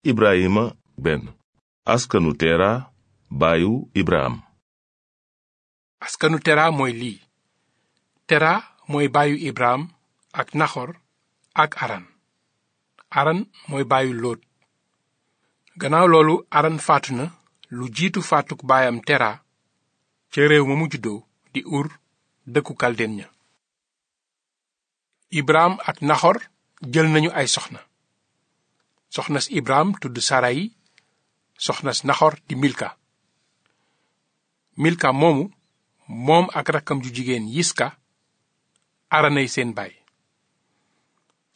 Ibrahima benn askanu tera baayu Ibraham. mooy lii tera mooy baayu Ibraham ak naxor ak aran aran mooy baayu lóot gannaaw loolu aran faatu na lu jiitu faatuk baayam tera ca réew ma mu juddoo di ur dëkku kaldeen ña ak naxor jël nañu ay soxna soxnas ibraam tudd sara yi soxnas Naxor di Milka Milka moomu moom ak rakkam ju jigéen Yiska aranay seen baay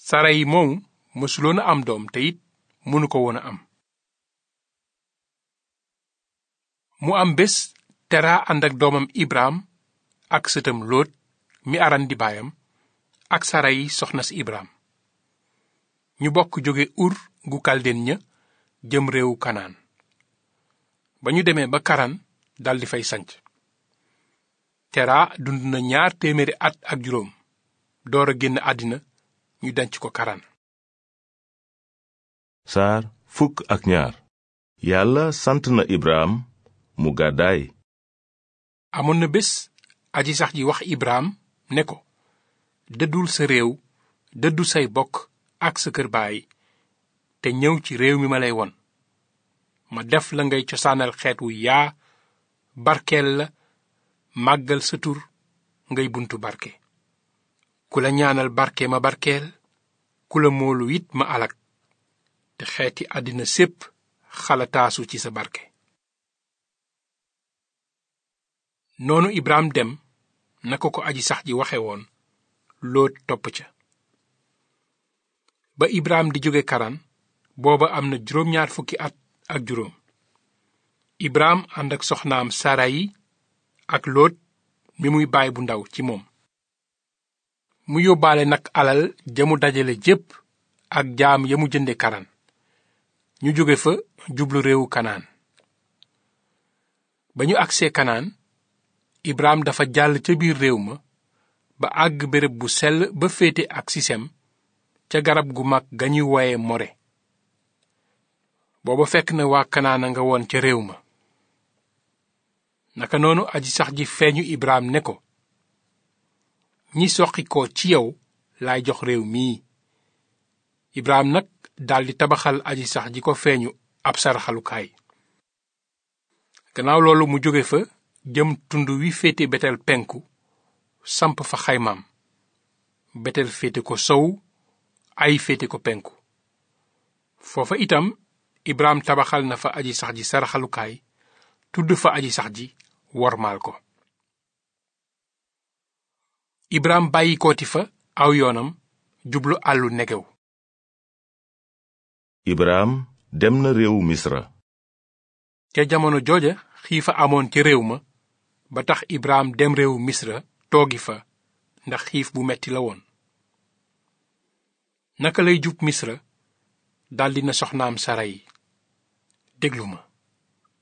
sara yi moomu mësuloon a am doom te it mënu ko woon a am mu am bés Tera ànd ak doomam ibraam ak sëtam Lóot mi aran di baayam ak Sarayi soxnas Ibrahim ñu bokk jóge Ur gu kaldeen ña jëm réewu kanaan ba ñu demee ba karan daldi fay sanc tera dund na ñaar téeméeri at ak juróom door a génn àddina ñu denc ko karan saar yàlla sant na ibraam mu gàddaay amoon na bés aji sax ji wax ibraam ne ko dëddul sa réew dëddu say bokk ak sa kër baay te ñëw ci réew mi ma lay won ma def la ngay cosaanal xeet wu yaa barkeel la màggal sa tur ngay buntu barke ku la ñaanal barke ma barkeel ku la moolu it ma alak te xeeti àddina sépp xalataasu ci sa barke noonu Ibrahim dem naka ko aji sax ji waxe woon Lóot ca ba Ibrahim di jóge Karan booba am na juróom ñaar fukki at ak juróom ibraam ànd ak soxnaam sarayi ak loot mi muy baay bu ndaw ci moom mu yóbbaale nag alal ja mu dajale jépp ak jaam ya mu jënde karan ñu jóge fa jublu réewu kanaan ba ñu agsee kanaan ibraam dafa jàll ca biir réew ma ba àgg béréb bu sell ba féete ak sisem ca garab gu mag ga ñuy woye more booba fekk na waa a nga woon ca réew ma naka noonu aji sax ji feeñu ibraam ne ko ñi soqi ko ci yow laay jox réew mii ibraam nag daldi tabaxal aji sax ji ko feeñu ab saraxalukaay gannaaw loolu mu jóge fa jëm tund wi féete betel penku samp fa xaymaam betel féete ko sow ay féete ko penku foofa itam Ibrahim tabaxal na fa aji sax ji saraxalukaay tudd fa aji sax ji wormaal ko Ibrahim bàyyi kooti fa aw jublu àllu negew Ibrahim dem na réewu Misra ca jamono jooja xiif a amoon ca réew ma ba tax Ibrahim dem réewu Misra toogi fa ndax xiif bu metti la woon naka lay jub Misra daldi na soxnaam Sarayi déglu ma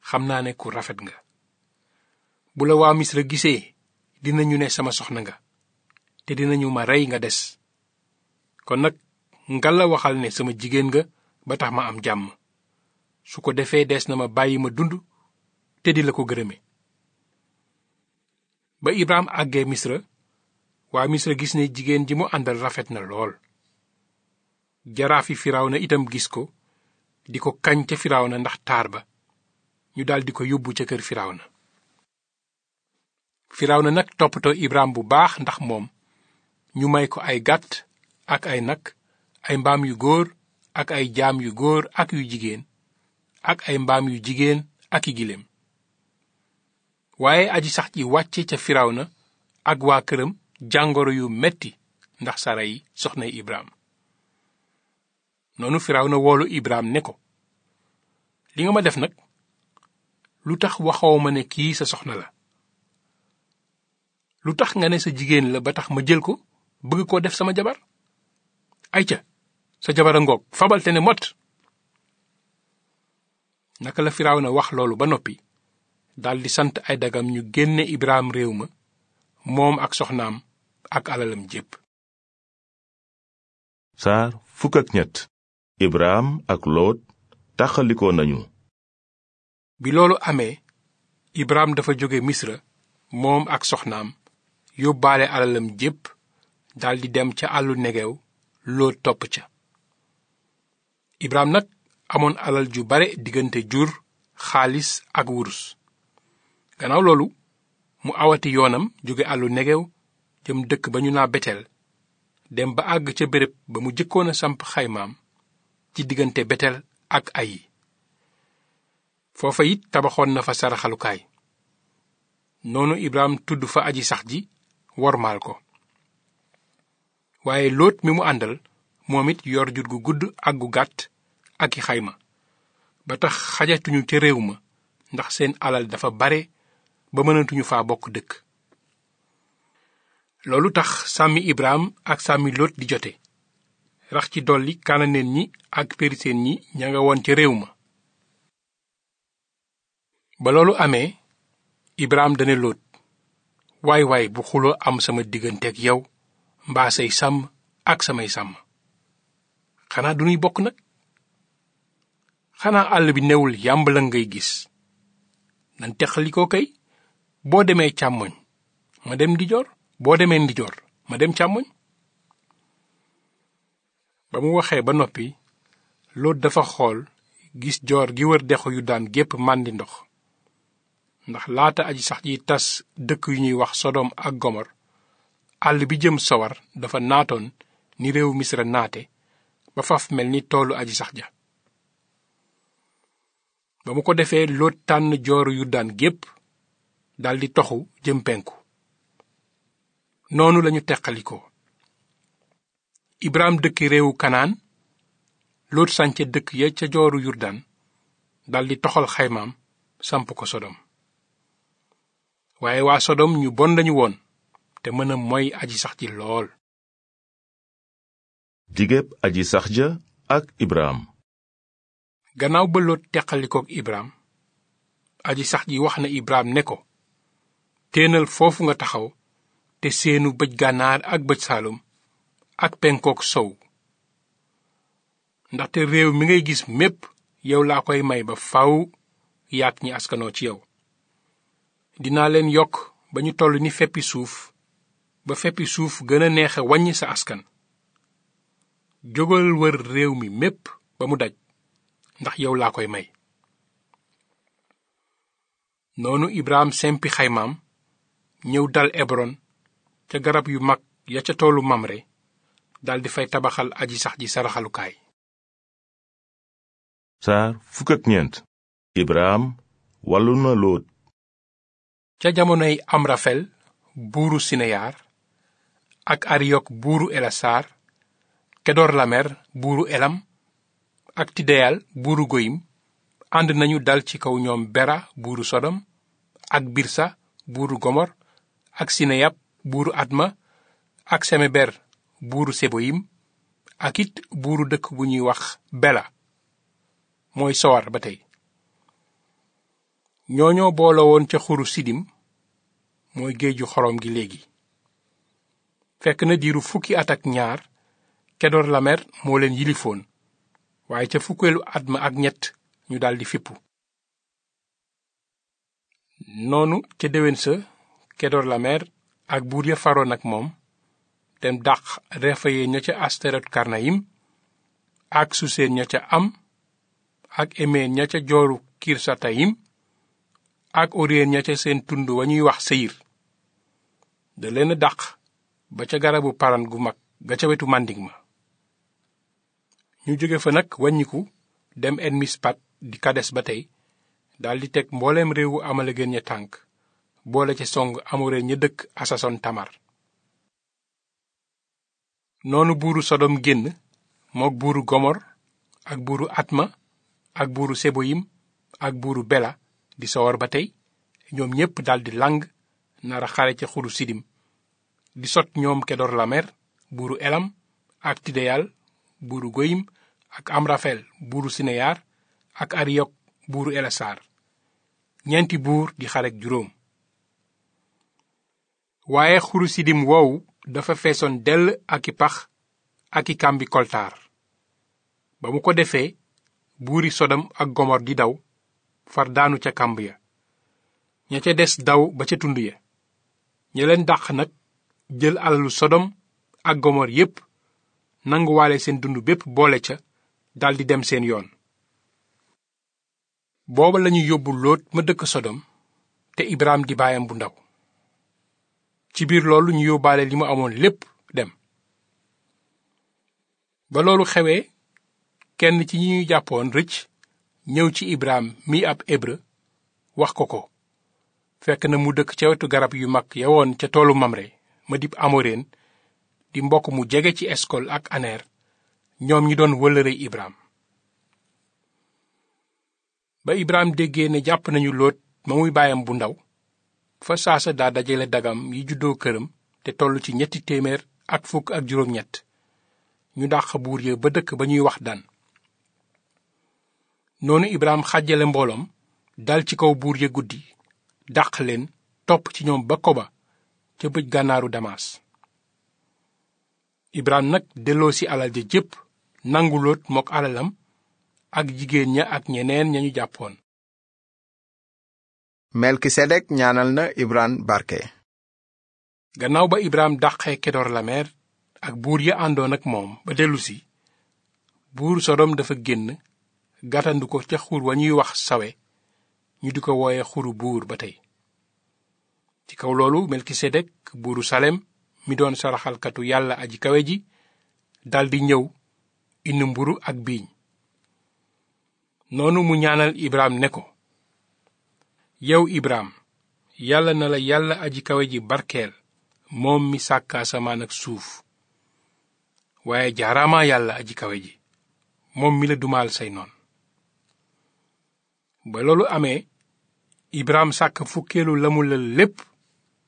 xam naa ne ku rafet nga bu la waa misra gisee dina ñu ne sama soxna nga te dinañu ma rey nga des kon nag ngalla waxal ne sama jigéen nga ba tax ma am jàmm su ko defee des na ma bàyyi ma dund te di la ko gërëme ba Ibrahim àggee misra waa misra gis ne jigéen ji mu àndal rafet na lool jaraafi na itam gis ko di ko kañ ca firawna ndax taar ba ñu daldi ko yóbbu ca kër firawna firawna nag toppatoo ibraam bu baax ndax moom ñu may ko ay gàtt ak ay nag ay mbaam yu góor ak ay jaam yu góor ak yu jigéen ak ay mbaam yu jigéen ak i giléem waaye aji sax ji wàcce ca firaw na ak waa këram jàngoro yu metti ndax sara yi soxnay ibraam noonu na woolu Ibrahim ne ko li nga ma def nag lu tax waxoo ma ne kii sa soxna la lu tax nga ne sa jigéen la ba tax ma jël ko bëgg koo def sama jabar ay ca sa jabar a ngoog fabal ne mot naka la na wax loolu ba noppi daldi sant ay dagam ñu génne Ibrahim réew ma moom ak soxnaam ak alalam jépp saar fukk Ibrahim ak Lot taxalikoo nañu bi loolu amee Ibrahim dafa jóge Misra moom ak soxnaam yóbbaale alalam jépp daldi dem ca àllu negew Lot topp ca Ibrahim nag amoon alal ju bare diggante jur xaalis ak wurus gannaaw loolu mu awati yoonam jóge àllu negew jëm dëkk ba ñu naa Betel dem ba àgg ca béréb ba mu jëkkoon a samp xaymaam ci diggante betel ak ayi foofa it tabaxoon na fa saraxalukaay noonu ibraam tudd fa aji sax ji wormaal ko waaye lóot mi mu àndal moom it yor jur gu gudd ak gu gàtt ak i xayma ba tax xajatuñu ca réew ma ndax seen alal dafa bare ba mënatuñu faa bokk dëkk loolu tax sàmmi ibraam ak sàmmi lóot di jote rax ci dolli kananeen ñi ak periseen ñi ña nga woon ca réew ma ba loolu amee Ibrahima dane lóot waay waay bu xuloo am sama diggante ak yow mbaa say sàmm ak samay sàmm xanaa du ñuy bokk nag xanaa àll bi newul yàmbala ngay gis nan teqali kay boo demee càmmoñ ma dem ndijoor boo demee ndijoor ma dem càmmoñ ba mu waxee ba noppi Lóot dafa xool gis joor gi wër dexu yu daan gépp màndi ndox ndax laata aji sax ji tas dëkk yu ñuy wax Sodom ak Gomor àll bi jëm sawar dafa naatoon ni réew Misra naate ba faf mel ni toolu aji sax ja ba mu ko defee Lóot tànn jooru yu daan gépp daldi toxu jëm penku noonu lañu teqalikoo ibraam dëkki réewu kanaan loot sànce dëkk ya ca jooru yurdaan daldi toxal xaymaam samp ko sodom waaye waa sodom ñu bon lañu woon te mën a mooy aji sax ji lool digéeb aji sax ja ak ibraam gannaaw ba loot teqalikook ibraam aji sax ji wax na ibraam ne ko téenal foofu nga taxaw te seenu bëj gànnaar ak bëj saalum ak penkook sow ndaxte réew mi ngay gis mépp yow laa koy may ba faw yaak ñi askanoo ci yow dinaa leen yokk ba ñu toll ni feppi suuf ba feppi suuf gën a neex a wàññi sa askan jógal wër réew mi mépp ba mu daj ndax yow laa koy may noonu Ibrahim sempi xaymaam ñëw dal Ebron ca garab yu mag ya ca toolu Mamre daldi fay tabaxal aji sax ji saraxalukaay saar fukk ak ñeent ibraam ca jamonoy am rafel buuru sineyaar ak ariyok buuru elasaar kedorlamer buuru elam ak tideyal buuru goyim ànd nañu dal ci kaw ñoom bera buuru sodom ak birsa buuru gomor ak sineyab buuru adma ak semeber buuru seboyim ak it buuru dëkk bu ñuy wax bela mooy sowar ba tey ñooñoo booloo woon ca xuru sidim mooy géeju xorom gi léegi fekk na diiru fukki at ak ñaar kedoor lamer moo leen yilifoon waaye ca fukkeelu at ma ak ñett ñu daldi fippu noonu ca déwén sa ak buur ya faroon ak moom dem dàq refaye ña ca asterot karnayim ak suseen ña ca am ak emeen ña ca jooru kirsatayim ak orien ña ca seen tund wa ñuy wax seyir da leen dàq ba ca garabu paran gu mag ga ca wetu màndig ma ñu jóge fa nag wàññiku dem en mispat di kades ba tey daldi teg mbooleem réewu amale gën ña tànk boole ca song amoreen ña dëkk asason tamar noonu buuru sodom génn mook buuru gomor ak buuru atma ak buuru seboyim ak buuru bela di sowar ba tey ñoom ñépp daldi lang nara xare ca xuru sidim di sot ñoom kedor lamer buuru elam ak tideyal buuru goyim ak amrafel buuru sineyaar ak ariyok buuru elesaar ñeenti buur di xarek juróom waaye xuru sidim woowu dafa feesoon dell ak i pax ak i kàmbi koltaar ba mu ko defee buuri sodom ak gomor di daw far daanu ca kàmb ya ña ca des daw ba ca tund ya ña leen dàq nag jël alalu sodom ak gomor yépp nanguwaale seen dund bépp boole ca daldi dem seen yoon booba lañu yóbbu lóot ma dëkk sodom te ibraam di baayam bu ndaw ci biir loolu ñu yóbbaale li mu amoon lépp dem ba loolu xewee kenn ci ñi jàppoon rëcc ñëw ci ibraam mii ab hébreu wax ko ko fekk na mu dëkk ca wetu garab yu mag yawoon ca toolu Mamre ma dib Amoreen di mbokk mu jege ci Eskol ak Aner ñoom ñi doon wëlëre ibraam ba Ibrahim déggee ne jàpp nañu Lóot ma muy baayam bu ndaw fa saasa daa dajale dagam yi juddoo këram te toll ci ñetti téeméer ak fukk ak juróom-ñett ñu dàq buur ya ba dëkk ba ñuy wax daan noonu ibraham xàjjale mbooloom dal ci kaw buur ya guddi dàq leen topp ci ñoom ba koba ca bëj gànnaaru Damas Ibrahima nag delloo si alal ja jépp nangu mook alalam ak jigéen ña ak ñeneen ña ñu jàppoon melkisedek ñaanal na ibraan barke gannaaw ba ibraam dàqee kedoor lameer ak buur ya àndoon ak moom ba dellusi buur sodom dafa génn gàttandu ko ca xur wa ñuy wax sawe ñu di ko wooye xuru buur ba tey ci kaw loolu melkisedek buuru salem mi doon saraxalkatu yàlla aji kawe ji daldi ñëw indi mburu ak biiñ noonu mu ñaanal ibraam ne ko yow ibraam yàlla na la yàlla aji kawe ji barkeel moom mi sàkk asamaan ak suuf waaye jaaraamaa yàlla aji kawe ji moom mi la dumaal say noon ba loolu amee ibraam sàkk fukkeelu lamu la lépp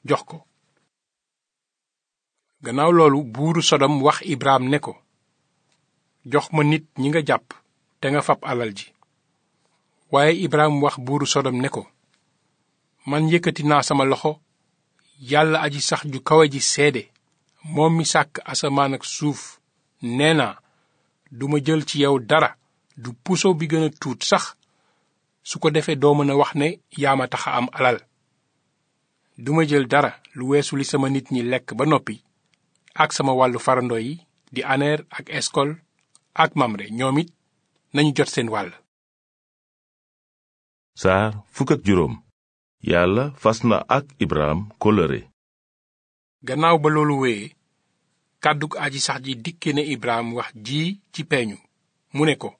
jox ko gannaaw loolu buuru Sodom wax ibraam ne ko jox ma nit ñi nga jàpp te nga fab alal ji waaye Ibrahima wax buuru Sodom ne ko man yëkkati naa sama loxo yàlla aji sax ju kaw a ji seede moom mi sàkk asamaan ak suuf nee naa duma jël ci yow dara du puso bi gën a tuut sax su ko defee doo mën a wax ne yaa ma tax a am alal duma jël dara lu weesu li sama nit ñi lekk ba noppi ak sama wàllu farandoo yi di aneer ak eskol ak mamre ñoom it nañu jot seen wàll. saar fukk juróom. yàlla fas na ak Ibrahim kóllëre gannaaw ba loolu wéye kàddug aji sax ji dikke na Ibrahim wax jii ci peeñu mu ne ko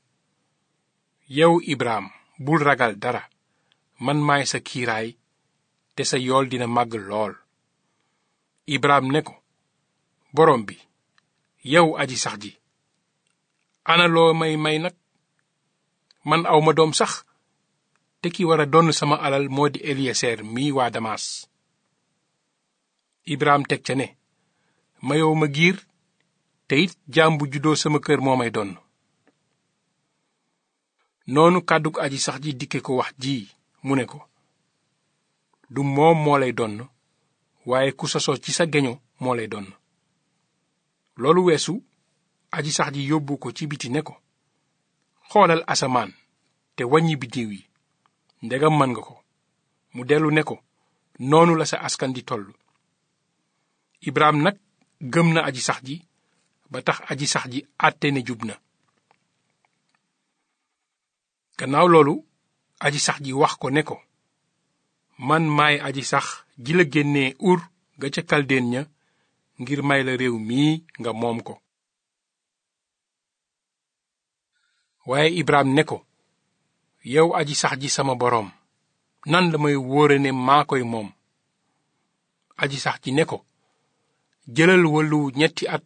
yow ibraam bul ragal dara man maay sa kiiraay te sa yool dina màgg lool Ibrahim ne ko borom bi yow aji sax ji ana loo may may nag man awma doom sax te ki war a donn sama alal moo di eliyeseer mii waa damas ibraam teg ca ne mayow ma giir te it jaam bu juddoo sama kër moo may donn noonu kàddug aji sax ji dikke ko wax ji mu ne ko du moom moo lay donn waaye ku sosoo ci sa geño moo lay donn loolu weesu aji sax ji yóbbu ko ci biti ne ko xoolal asamaan te wàññi biddiw yi ndegam man nga ko mu dellu ne ko noonu la sa askan di toll ibraam nag gëm na aji sax ji ba tax aji sax ji àtte ne jub na gannaaw loolu aji sax ji wax ko ne ko man maay aji sax ji la génnee ur ga ca kaldeen ña ngir may la réew mii nga moom ko waaye Ibrahim né ko yow aji sax ji sama boroom nan la may wóore ne maa koy moom aji sax ji ne ko jëlal wàllu ñetti at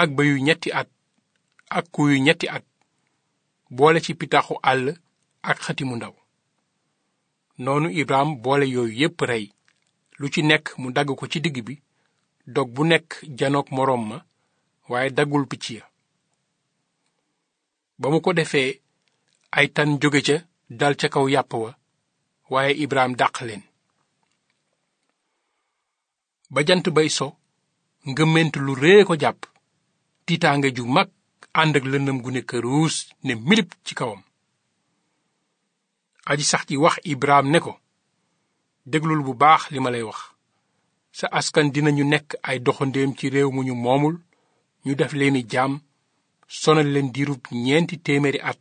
ak bëyu ñetti at ak ku yu ñetti at boole ci pitaxu àll ak xati mu ndaw noonu ibraam boole yooyu yépp rey lu ci nekk mu dagg ko ci digg bi dog bu nekk janoog moroom ma waaye daggul picc ya ba ko defee ay tan jóge ca dal ca kaw yàpp wa waaye ibraam dàq leen ba jant bay so ngëment lu rée ko jàpp tiitaange ju mag ànd ak lëndëm gu ne këruus ne milip ci kawam aji sax ci wax ibraam ne ko déglul bu baax li ma lay wax sa askan dinañu nekk ay doxandéem ci réew mu ñu moomul ñu def leen leeni jaam sonal leen diirub ñeenti téeméeri at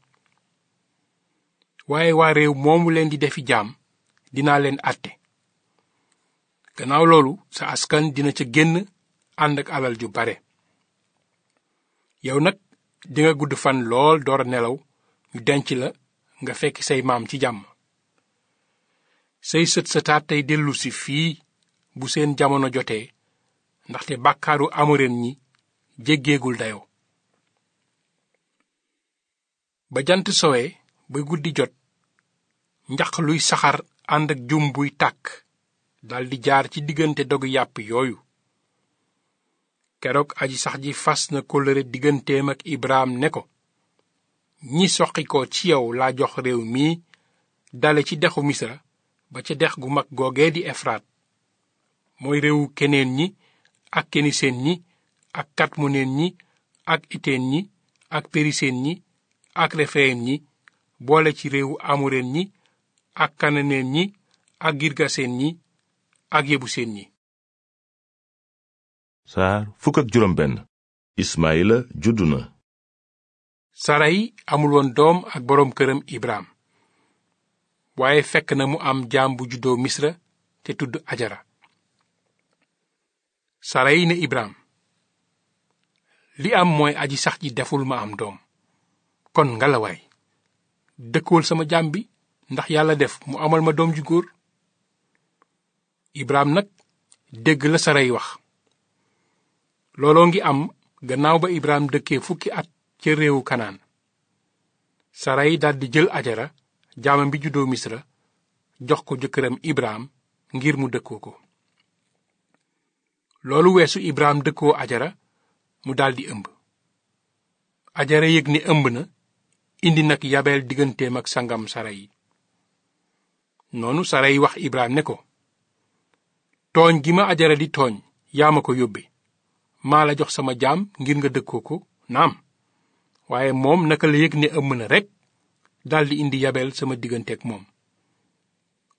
waaye waa réew moomu leen di defi jaam dinaa leen àtte gannaaw loolu sa askan dina ca génn ànd ak alal ju bare yow nag dinga gudd fan lool door a nelaw ñu denc la nga fekk say maam ci jàmm say sët sëtaat tey dellu fii bu seen jamono jotee ndaxte bàkkaaru amoren ñi jéggeegul dayoo ba jant sowee ba guddi jot njaq luy saxar ànd ak jum buy tàkk daldi jaar ci diggante dogu yàpp yooyu keroog aji sax ji fas na kóllëre digganteem ak Ibrahim né ko ñi soqi ko ci yow laa jox réew mi dale ci dexu misra ba ca dex gu mag googee di efraat mooy réewu keneen ñi ak keniseen ñi ak katmoneen ñi ak iteen ñi ak periseen ñi ak refeen ñi boole ci réewu amureen ñi ak kananeen ñi ak girgaseen ñi ak yebuseen ñi saar fukk juddu na saray amul woon doom ak boroom këram ibraam waaye fekk na mu am jaam bu juddoo misra te tudd ajara saray ne ibraam li am mooy aji sax ji deful ma am doom kon ngalawaay dëkkuwal sama jaam bi ndax yàlla def mu amal ma doom ju góor ibraam nag dégg la sara yi wax looloo ngi am gannaaw ba ibraam dëkkee fukki at ca réewu kanaan sara yi daldi jël ajara jaamam bi juddoo misra jox ko jëkkëram ibraam ngir mu dëkkoo ko loolu weesu ibraam dëkkoo ajara mu daldi ëmb ajara yëg ne ëmb na indi nag yabeel digganteem ak sangam yi noonu yi wax ibraam ne ko tooñ gi ma ajara di tooñ yaa ma ko yóbbe maa la jox sama jaam ngir nga dëkkoo ko naam waaye moom naka la yëg ne ëmm na rekk daldi indi yabel sama digganteeg moom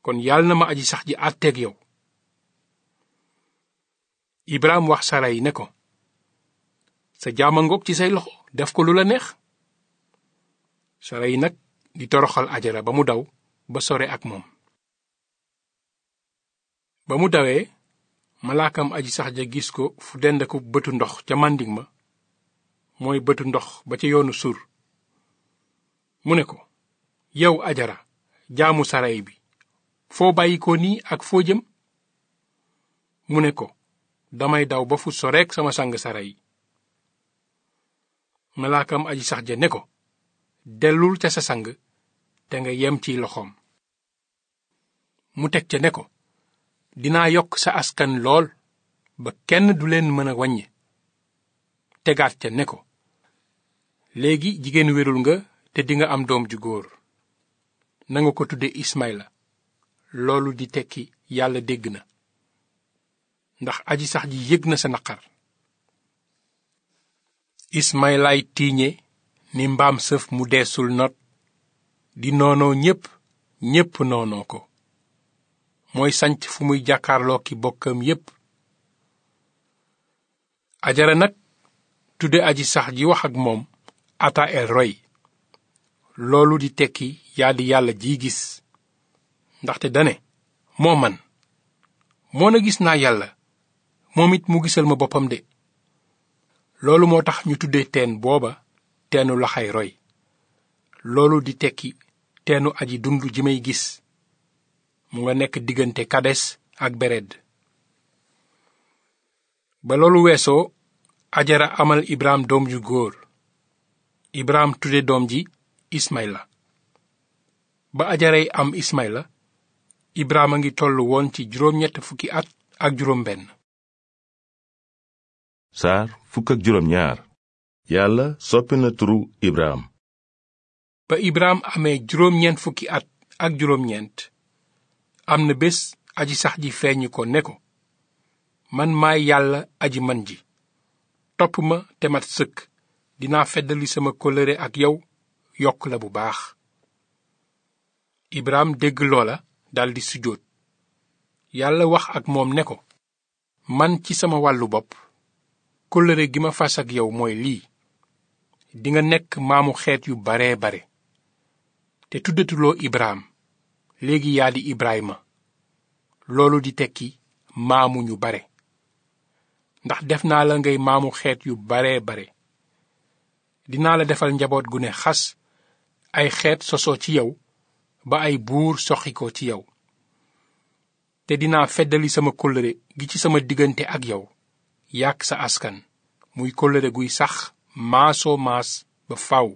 kon yàlla na ma aji sax ji àtteeg yow ibraam wax yi ne ko sa jaama ngoog ci say loxo def ko lu la neex yi nag di toroxal ajara ba mu daw ba sore ak moom ba mu dawee malaakam aji sax ja gis ko fu dendaku bëtu ndox ca màndig ma mooy bëtu ndox ba ca yoonu sur mu ne ko yow ajara jaamu saray bi foo bàyyi ko nii ak foo jëm mu ne ko damay daw ba fu soreek sama sang saray malaakam aji sax ja ne ko dellul ca sa sang te nga yem ci loxoom mu teg ca ne ko dinaa yokk sa askan lool ba kenn du leen mën a wàññi tegaat ca ne ko léegi jigéen wérul nga te dinga am doom ju góor nanga ko tudde Ismayla loolu di tekki yàlla dégg na ndax aji sax ji yëg na sa naqar Ismaylaay tiiñe ni mbaam sëf mu deesul not di noonoo ñépp ñépp noonoo ko mooy sanc fu muy jàkkaarloo ki bokkam yépp ajara nag tudde aji sax ji wax ak moom ata roy loolu di tekki yaa di yàlla jiy gis ndaxte dane moo man moo na gis naa yàlla moom it mu gisal ma boppam de loolu moo tax ñu tuddee teen booba teenu laxay roy loolu di tekki teenu aji dund ji may gis mu nga nekk diggante kades ak bered ba loolu weesoo ajara amal ibrahim doom ju góor ibrahim tudde doom ji ismay la ba ajaray am la ibrahim a ngi tollu woon ci juróom-ñett at ak juróom benn saar fukk ak yàlla soppi na turu ibrahim ba ibrahim amee juróom-ñeent fukki at ak juróom-ñeent am na bés aji sax ji feeñu ko ne ko man maay yàlla aji man ji topp ma te mat sëkk dinaa feddali sama kóllëre ak yow yokk la bu baax ibraam dégg loola daldi sujjóot yàlla wax ak moom ne ko man ci sama wàllu bopp kóllëre gi ma fas ak yow mooy lii dinga nekk maamu xeet yu baree bare te tuddatuloo ibraam léegi yaa di Ibrahima loolu di tekki maamu ñu bare ndax def naa la ngay maamu xeet yu bare bare dinaa la defal njaboot gu ne xas ay xeet sosoo ci yow ba ay buur soxi ko ci yow te dinaa feddali sama kóllëre gi ci sama diggante ak yow yàq sa askan muy kóllëre guy sax maasoo maas ba faw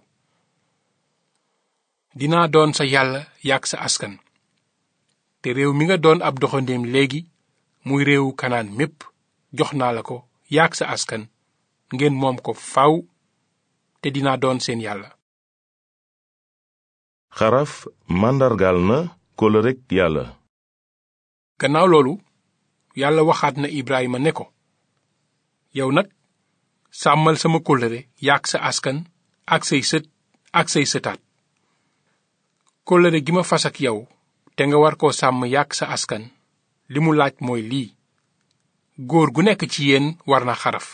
dinaa doon sa yàlla yàq sa askan te réew mi nga doon ab doxandéem léegi muy réewu kanaan mépp jox naa la ko yaag sa askan ngeen moom ko faw te dinaa doon seen yàlla xaraf màndargaal na kóllëreg yàlla gannaaw loolu yàlla waxaat na Ibrahima ne ko yow nag sàmmal sama kóllëre yaag sa askan ak say sët ak say sëtaat kóllëre gi ma fas ak yow te nga war koo sàmm yàq sa askan li mu laaj mooy lii góor gu nekk ci yéen war na xaraf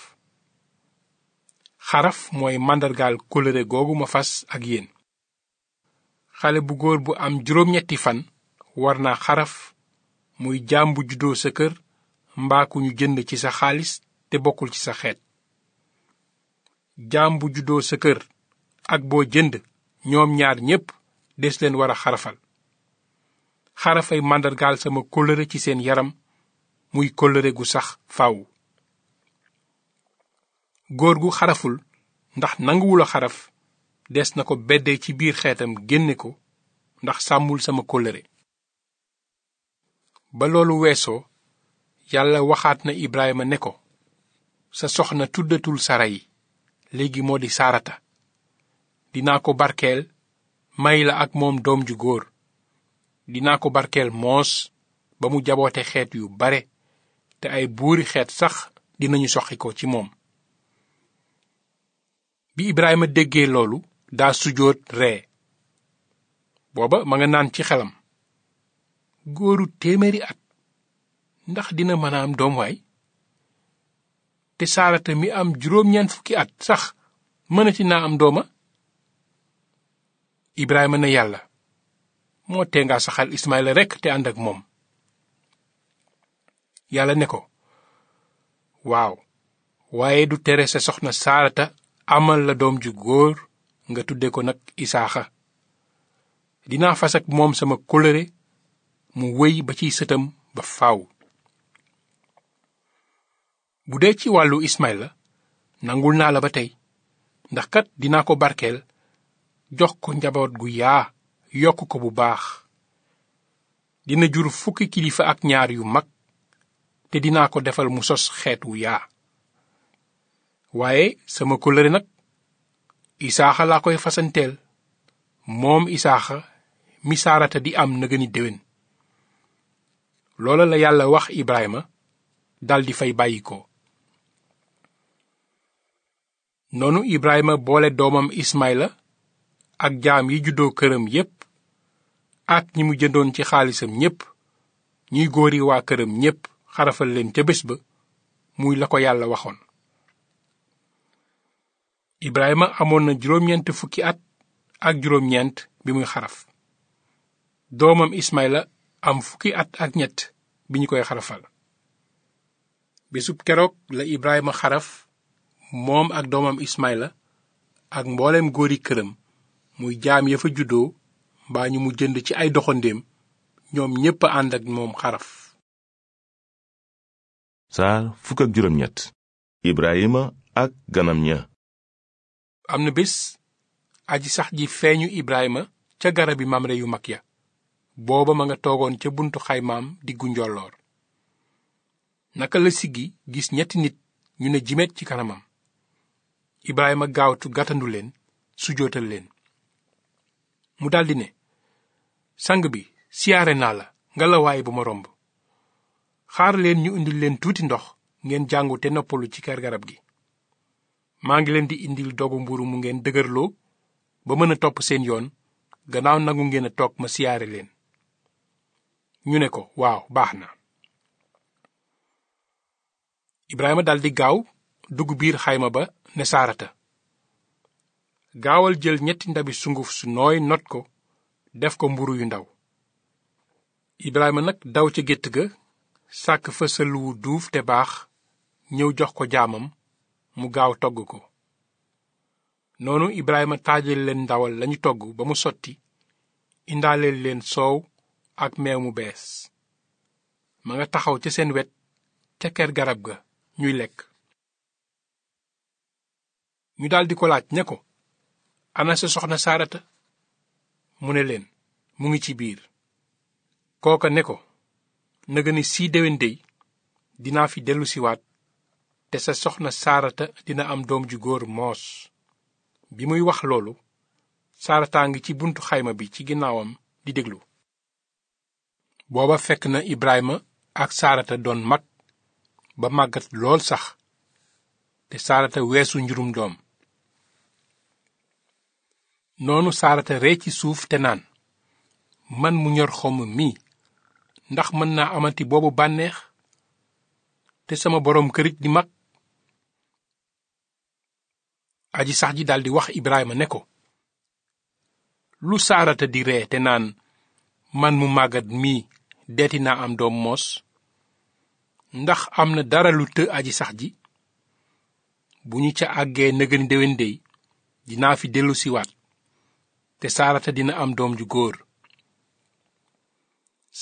xaraf mooy màndargaal kóllëre googu ma fas ak yéen xale bu góor bu am juróom-ñetti fan war naa xaraf muy jaam bu juddoo sa kër mbaa ku ñu jënd ci sa xaalis te bokkul ci sa xeet jaam bu juddoo sa kër ak boo jënd ñoom ñaar ñépp des leen war a xarafal xarafay màndargaal sama kóllëre ci seen yaram muy kóllëre gu sax faw góor gu xaraful ndax nanguwula xaraf des na ko beddee ci biir xeetam génne ko ndax sàmmul sama kóllëre ba loolu weesoo yàlla waxaat na Ibrahima ne ko sa soxna tuddatul sara yi léegi moo di saarata dinaa ko barkeel may la ak moom doom ju góor dinaa ko barkeel moos ba mu jaboote xeet yu bare te ay buuri xeet sax dinañu soqi ko ci moom bi Ibrahima déggee loolu daa sujjóot ree booba ma nga naan ci xelam góoru téeméeri at ndax dina mën a am doom waay te saarata mi am juróom-ñeent fukki at sax mënati naa am dooma Ibrahima na yàlla moo tee nga saxal Ismaayla rekk te ànd ak moom yàlla ne ko waaw waaye du tere sa soxna saarata amal la doom ju góor nga tudde ko nag isaaxa dinaa fas ak moom sama kóllëre mu wéy ba ciy sëtam ba faw bu dee ci wàllu la nangul naa la ba tey ndax kat dinaa ko barkeel jox ko njaboot gu yaa yokk ko bu baax dina jur fukki kilifa ak ñaar yu mag te dinaa ko defal mu sos xeetu yaa waaye sama kóllëre nag isaaxa laa koy fasanteel moom isaaxa mi saarata di am na gëni déwén loola la yàlla wax ibrahima daldi fay bàyyi ko noonu ibrahima boole doomam ismaila ak jaam yi juddoo këram yépp ak ñi mu jëndoon ci xaalisam ñépp ñuy góori waa këram ñépp xarafal leen ca bés ba muy la ko yàlla waxoon Ibrahima amoon na juróom-ñeent fukki at ak juróom-ñeent bi muy xaraf doomam la am fukki at ak ñett bi ñu koy xarafal bésub keroog la Ibrahima xaraf moom ak doomam la ak mbooleem góori këram muy jaam ya fa juddoo mbaa mu jënd ci ay doxandéem ñoom ñépp a moom xaraf saar fukk ak ganam ña am na bés aji sax ji feeñu ibrahima ca garabi mamre yu mag ya booba ma nga toogoon ca buntu xaymaam diggu njolloor naka la gi gis ñetti nit ñu ne jimet ci kanamam ibrahima gaawtu gàttandu leen sujootal leen mu daldi ne sang bi siyaare naa la ngelawaay bu ma romb xaar leen ñu indil leen tuuti ndox ngeen jàngu te noppalu ci kër garab gi maa ngi leen di indil dogu mburu mu ngeen dëgërloo ba mën a topp seen yoon gannaaw nangu ngeen a toog ma siyaare leen ñu ne ko waaw baax na Ibrahima daldi gaaw dugg biir xayma ba ne Saarata gaawal jël ñetti ndabi sunguf su nooy not ko def ko mburu yu ndaw Ibrahima nag daw ca gétt ga sàkk fa sëluwu duuf te baax ñëw jox ko jaamam mu gaaw togg ko noonu Ibrahima taajal leen ndawal lañu togg ba mu sotti indaale leen soow ak meew mu bees ma nga taxaw ca seen wet ca ker garab ga ñuy lekk ñu daldi ko laaj ne ko ana sa soxna sareta mu ne leen mu ngi ci biir kooka ne ko naga sii déwén dey dinaa fi dellusiwaat siwaat te sa soxna saarata dina am doom ju góor moos bi muy wax loolu saarataa ngi ci buntu xayma bi ci ginnaawam di déglu booba fekk na Ibrahima ak saarata doon mag ba màggat lool sax te saarata weesu njurum doom noonu saarata ree ci suuf te naan man mu ñor xomm mii ndax mën naa amati boobu bànneex te sama boroom kërit di mag aji sax ji daldi wax Ibrahima ne ko lu saarata di ree te naan man mu màggat mii deeti naa am doom moos ndax am na dara lu të aji sax ji bu ñu ca àggee nëgëni déwén dinaa fi dellusiwaat te saarata dina am doom ju góor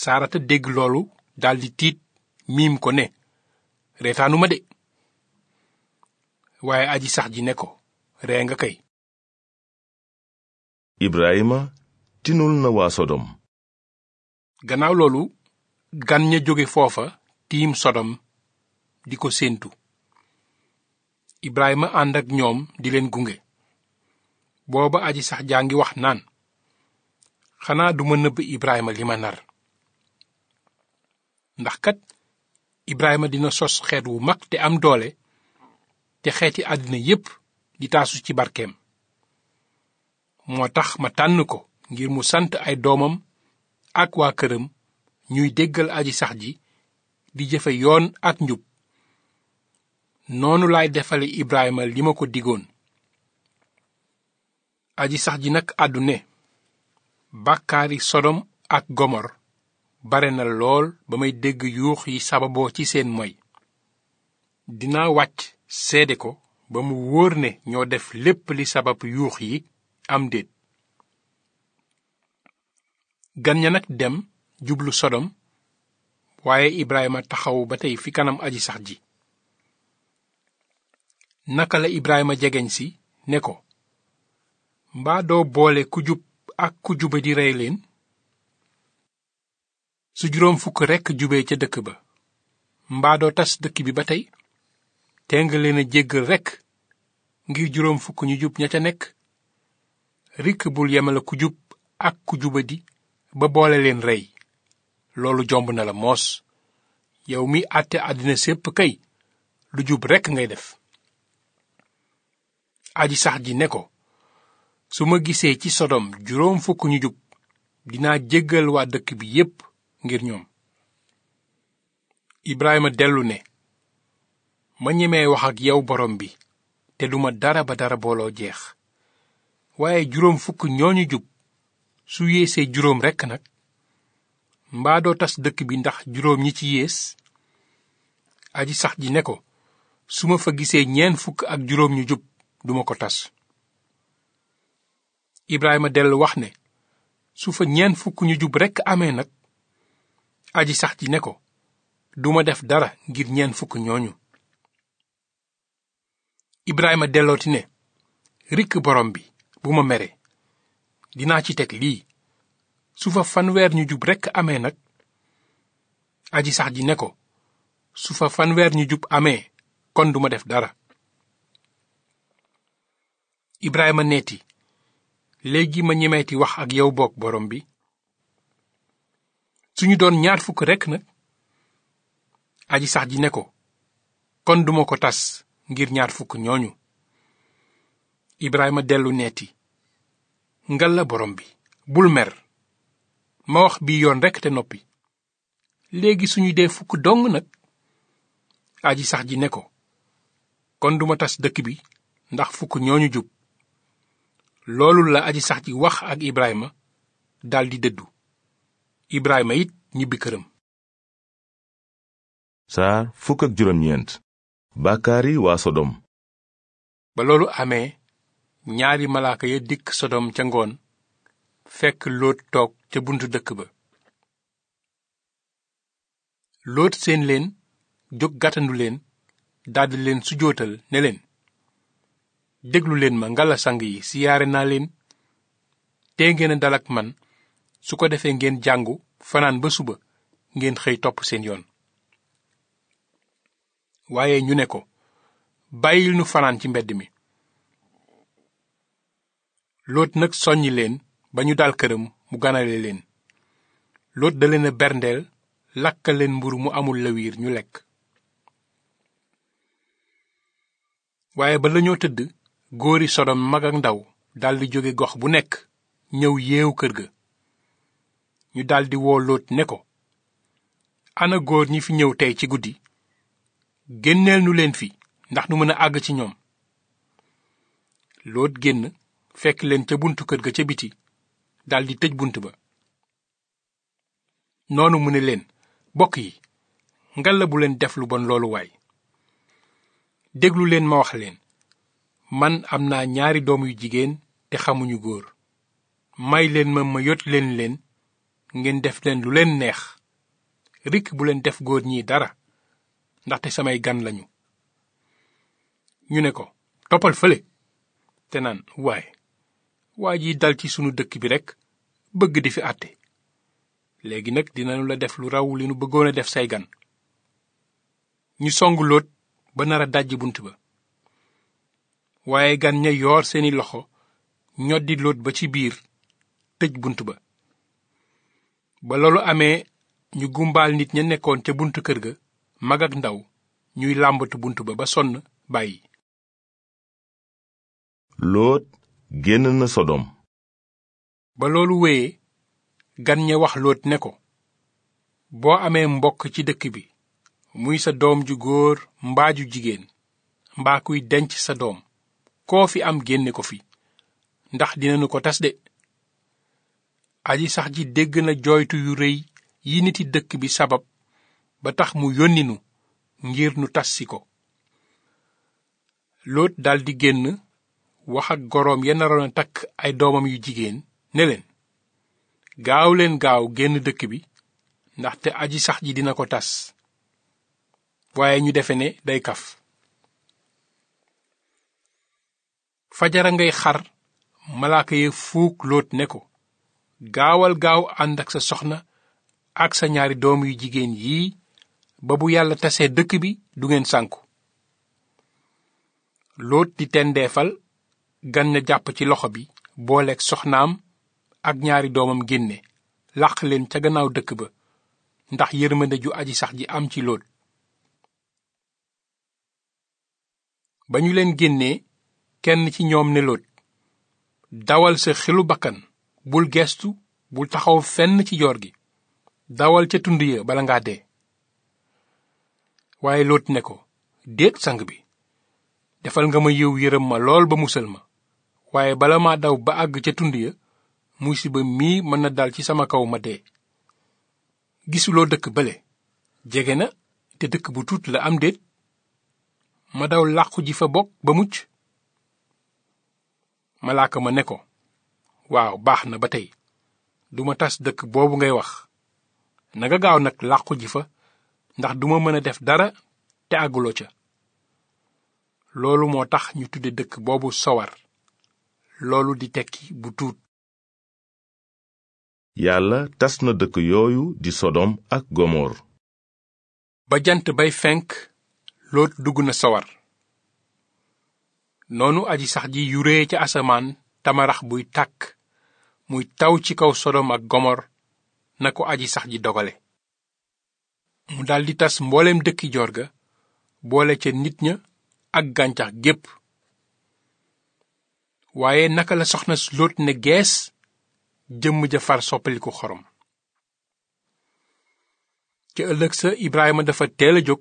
saarata dégg loolu daldi tiit miim ko ne reetaanuma de waaye aji sax ji ne ko ree nga kay ibrahima tinul na waa sodom gannaaw loolu gan ña jóge foofa tiim sodom di ko séentu ibrahima ànd ak ñoom di leen gunge booba aji sax jaa ngi wax naan xanaa du ma nëbb Ibrahima li ma nar ndax kat Ibrahima dina sos xeet wu mag te am doole te xeeti àddina yépp di taasu ci barkeem moo tax ma tànn ko ngir mu sant ay doomam ak waa këram ñuy déggal aji sax ji di jëfe yoon ak njub noonu laay defale Ibrahima li ma ko digoon aji sax ji nag àddu ne bàkkaari sodom ak gomor bare na lool ba may dégg yuux yi sababoo ci seen moy dinaa wàcc seede ko ba mu wóor ne ñoo def lépp li sabab yuux yi am déet gan ña nag dem jublu sodom waaye Ibrahima taxaw ba tey fi kanam aji sax ji naka la Ibrahima jegeñ si ne ko mbaa doo boole ku jub ak ku juba di rey leen su juróom fukk rekk jubee ca dëkk ba mbaa doo tas dëkk bi ba tey te leen a jéggal rekk ngir juróom fukk ñu jub ña ca nekk rikk bul yemale ku jub ak ku juba jubadi ba boole leen rey loolu jomb na la moos yow mi àtte àddina sépp kay lu jub rekk ngay def aji sax ji ne ko su ma gisee ci sodom juróom fukk ñu jub dinaa jéggal waa dëkk bi yépp ngir ñoom Ibrahima dellu ne ma ñemee wax ak yow borom bi te duma dara ba dara booloo jeex waaye juróom fukk ñooñu jub su yéesee juróom rekk nag mbaa doo tas dëkk bi ndax juróom ñi ci yées aji sax ji ne ko su ma fa gisee ñeen fukk ak juróom ñu jub duma ko tas Ibrahima dellu wax ne su ñeent fukk ñu jub rekk amee nag aji sax ji ne ko duma def dara ngir ñeent fukk ñooñu Ibrahima dellooti ne rikk borom bi bu ma meree dinaa ci teg lii su fa fanweer ñu jub rekk amee nag aji sax ji ne ko su fanweer ñu jub amee kon duma def dara Ibrahima neeti léegi ma ñemeeti wax ak yow boog borom bi suñu doon ñaar fukk rekk nag aji sax ji ne ko kon duma ko tas ngir ñaar fukk ñooñu Ibrahima dellu neeti ngal la borom bi bul mer ma wax bi yoon rekk te noppi léegi suñu dee fukk dong nag aji sax ji ne ko kon duma tas dëkk bi ndax fukk ñooñu jub loolu la aji sax ji wax ak Ibrahima daldi dëddu Ibrahima ñibbi këram. saar fukk waa Sodom. ba loolu amee ñaari malaaka ya dikk Sodom ca ngoon fekk Lóot toog ca buntu dëkk ba. loot seen leen jóg gàttandu leen daldi leen sujootal ne leen. déglu leen ma ngala sang yi siyaare naa leen tee ngeen a dal ak man su ko defee ngeen jàngu fanaan ba suba ngeen xëy topp seen yoon waaye ñu ne ko bàyyil nu fanaan ci mbedd mi loot nag soññi leen ba ñu dal këram mu ganale leen loot da leen berndeel lakkal leen mburu mu amul lawiir ñu lekk waaye ba lañoo tëdd góori sodom mag ak ndaw daldi jóge gox bu nekk ñëw yeewu kër ga ñu daldi woo lóot ne ko ana góor ñi fi ñëw tey ci guddi génneel nu leen fi ndax nu mën a àgg ci ñoom loot génn fekk leen ca buntu kër ga ca biti daldi tëj bunt ba noonu mu ne leen bokk yi ngalla leen def lu bon loolu waay déglu leen ma wax leen man am naa ñaari doom yu jigéen te xamuñu góor may leen ma ma yot leen leen ngeen def leen lu leen neex rikk bu leen def góor ñii dara ndaxte samay gan lañu ñu ne ko toppal fale te naan waaye waa ji dal ci sunu dëkk bi rekk bëgg di fi àtte léegi nag dinañu la def lu raw li nu bëggoon a def say gan ñu song loot ba nar a dajji bunt ba waaye gan ña yoor seeni loxo ñoddi lóot ba ci biir tëj bunt ba ba loolu amee ñu gumbaal nit ña nekkoon ca buntu kër ga mag ak ndaw ñuy làmbatu bunt ba ba sonn bàyyi loot génn na sodom ba loolu wéyee gan ña wax loot ne ko boo amee mbokk ci dëkk bi muy sa doom ju góor mbaa ju jigéen mbaa kuy denc sa doom koo fi am génne ko fi ndax dinañu ko tas de aji sax ji dégg na jooytu yu rëy yi niti dëkk bi sabab ba tax mu yónni nu ngir nu tas si ko loot daldi génn wax ak goroom yenn naroon takk ay doomam yu jigéen ne leen gaaw génn dëkk bi ndaxte aji sax ji dina ko tas waaye ñu defe ne day kaf fajara ngay xar malaaka ye fuug lóot ne ko gaawal gaaw ànd ak sa soxna ak sa ñaari doom yu jigéen yii ba bu yàlla tasee dëkk bi du ngeen sànku lóot di tendeefal gan na jàpp ci loxo bi booleek soxnaam ak ñaari doomam génne làq leen ca gannaaw dëkk ba ndax yërmande ju aji sax ji am ci lóot ba ñu leen génnee kenn ci ñoom ne Lóot dawal sa xelu bakkan bul geestu bul taxaw fenn ci joor gi dawal ca tund ya bala ngaa dee waaye Lóot ne ko déet sang bi defal nga ma yiw yërëm ma lool ba musal ma waaye bala ma daw ba àgg ca tund ya musiba mii mën na dal ci sama kaw ma dee gisuloo dëkk bale jege na te dëkk bu tuut la am déet ma daw làqu ji fa bokk ba mucc malaaka ma ne ko waaw baax na ba tey duma tas dëkk boobu ngay wax nanga gaaw nag làqu ji fa ndax duma mën a def dara te àgguloo ca loolu moo tax ñu tudde dëkk boobu sawar loolu di tekki bu tuut yàlla tas na dëkk yooyu di sodom ak gomoor ba jant bay fenk loot dugg na sawar noonu aji sax ji yuree ca asamaan tamarax buy tàkk muy taw ci kaw sodom ak gomor na ko aji sax ji dogale mu daldi tas mbooleem dëkki joor ga boole ca nit ña ak gàncax gépp waaye naka la soxna lóot ne gees jëmm ja far soppaliku xorom ca ëllëg sa Ibrahima dafa teel a jóg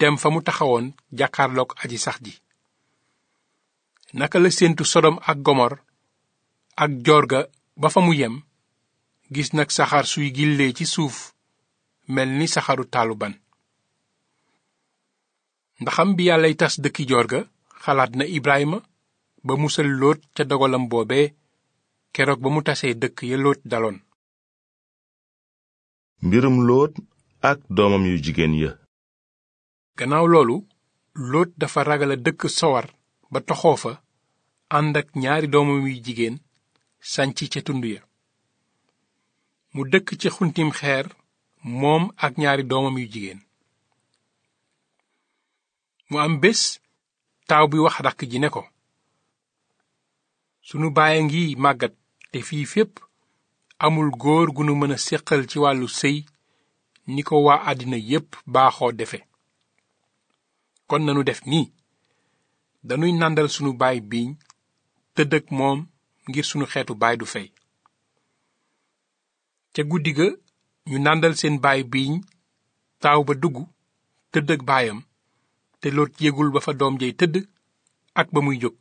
dem fa mu taxawoon jàkkaarloog aji sax ji naka la séentu sodom ak gomor ak joor ga ba fa mu yem gis nag saxaar suy gillee ci suuf mel ni saxaaru taalu ban ndaxam bi yàllay tas dëkki joor ga xalaat na ibraayima ba mu sël loot ca dogalam boobee keroog ba mu tasee dëkk ya lóot daloon mbirum lóot ak doomam yu jigéen ya gannaaw loolu lóot dafa ragala dëkk sowar ba ànd ak ñaari doomam yu jigéen sanc ca tund ya mu dëkk ca xuntim xeer moom ak ñaari doomam yu jigéen mu am bés taaw bi wax rakk ji ne ko sunu baay a ngi màggat te fii fépp amul góor gu nu mën a séqal ci wàllu sëy ni ko waa àddina yépp baaxoo defe kon nanu def nii danuy nàndal sunu baay biiñ tëdd ak moom ngir sunu xeetu baay du fey ca guddi ga ñu nàndal seen baay biiñ taaw ba dugg tëdd ak baayam te loot yégul ba fa doom jey tëdd ak ba muy jóg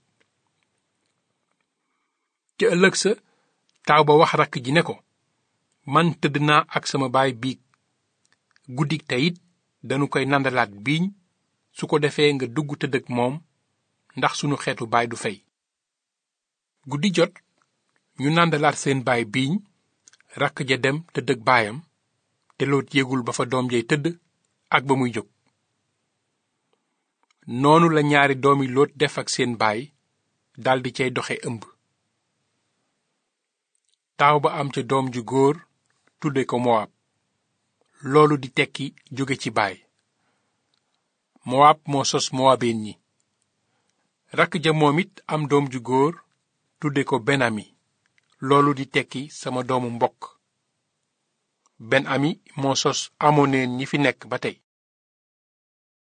ca ëllëg sa taaw ba wax rakk ji ne ko man tëdd naa ak sama baay biig guddi teyit danu koy nandalaat biiñ su ko defee nga dugg tëdd ak moom ndax sunu xeetu baay du fey guddi jot ñu nàndalaat seen baay biiñ rakk ja dem tëdd ak baayam te loot yégul ba fa doom jay tëdd ak ba muy jóg noonu la ñaari doomi loot def ak seen baay daldi cay doxe ëmb taaw ba am ca doom ju góor tudde ko mowaab loolu di tekki jóge ci baay mowaab moo sos mowaabeen ñi rakk ja moom it am doom ju góor tudde ko benami loolu di tekki sama doomu mbokk benami moo sos ne ñi fi nekk ba tey